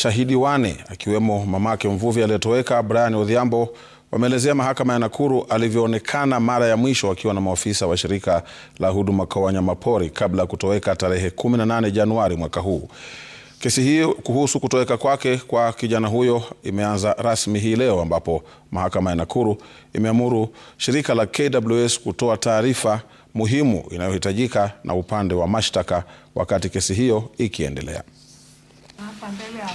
mashahidi wane akiwemo mamake mvuvi aliyetoweka Brian Odhiambo wameelezea mahakama ya Nakuru alivyoonekana mara ya mwisho akiwa na maafisa wa shirika la huduma kwa wanyamapori kabla ya kutoweka tarehe 18 Januari mwaka huu. Kesi hiyo kuhusu kutoweka kwake kwa kijana huyo imeanza rasmi hii leo ambapo mahakama ya Nakuru imeamuru shirika la KWS kutoa taarifa muhimu inayohitajika na upande wa mashtaka wakati kesi hiyo ikiendelea.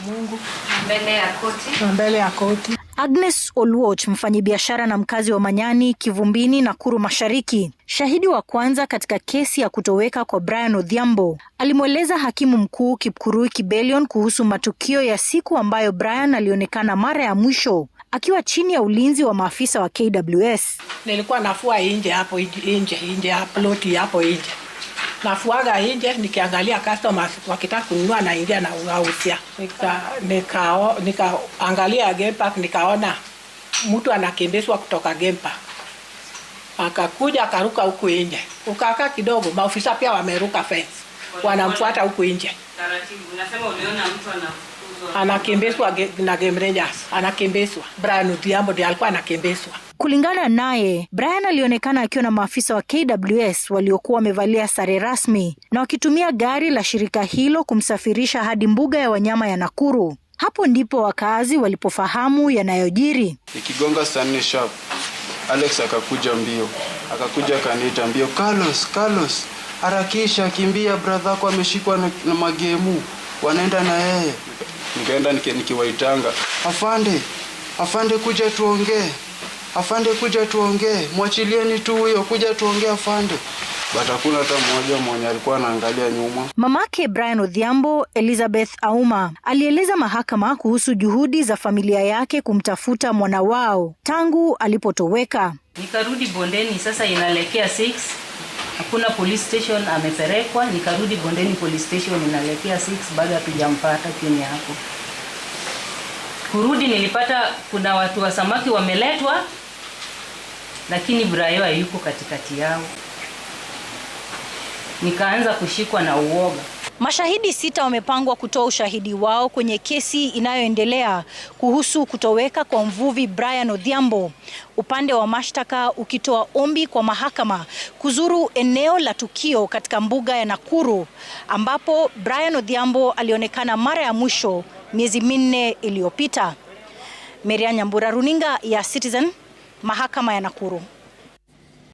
Mungu mbele ya koti, mbele ya koti. Agnes Oluoch, mfanyibiashara na mkazi wa Manyani, Kivumbini, Nakuru Mashariki, shahidi wa kwanza katika kesi ya kutoweka kwa Brian Odhiambo, alimweleza hakimu mkuu Kipkurui Kibelion kuhusu matukio ya siku ambayo Brian alionekana mara ya mwisho akiwa chini ya ulinzi wa maafisa wa KWS. Nilikuwa nafua nje hapo nje nje, ploti hapo nje nafuaga nje nikiangalia customers wakitaka kununua, ingia na uausia. Nikaangalia nika, nika game park nikaona mtu anakimbizwa kutoka game park, akakuja akaruka huku nje, ukaka kidogo, maofisa pia wameruka fence, wanamfuata huku nje. Taratibu uliona mtu ana anakembeswa na Game Rangers, anakembeswa Brian Odhiambo ndiye alikuwa anakembeswa. Kulingana naye, Brian alionekana akiwa na maafisa wa KWS waliokuwa wamevalia sare rasmi na wakitumia gari la shirika hilo kumsafirisha hadi mbuga ya wanyama ya Nakuru. Hapo ndipo wakazi walipofahamu yanayojiri. Ikigonga saa nne sharp, Alex akakuja mbio, akakuja akaniita mbio, Carlos, Carlos, harakisha, kimbia, bradha ameshikwa na magemu, wanaenda na yeye nikaenda nikiwaitanga, afande, afande, kuja tuongee, afande, kuja tuongee, mwachilieni tu huyo, kuja tuongee, afande. But hakuna hata mmoja mwenye alikuwa anaangalia nyuma. Mamake Brian Odhiambo, Elizabeth Auma, alieleza mahakama kuhusu juhudi za familia yake kumtafuta mwana wao tangu alipotoweka. Nikarudi bondeni, sasa inaelekea hakuna police station amepelekwa. Nikarudi Bondeni police station inaelekea 6 bado hatujampata chini hapo. Kurudi nilipata kuna watu wa samaki wameletwa, lakini Burayo hayuko katikati yao, nikaanza kushikwa na uoga. Mashahidi sita wamepangwa kutoa ushahidi wao kwenye kesi inayoendelea kuhusu kutoweka kwa mvuvi Brian Odhiambo, upande wa mashtaka ukitoa ombi kwa mahakama kuzuru eneo la tukio katika mbuga ya Nakuru ambapo Brian Odhiambo alionekana mara ya mwisho miezi minne iliyopita. Maria Nyambura, Runinga ya Citizen, mahakama ya Nakuru.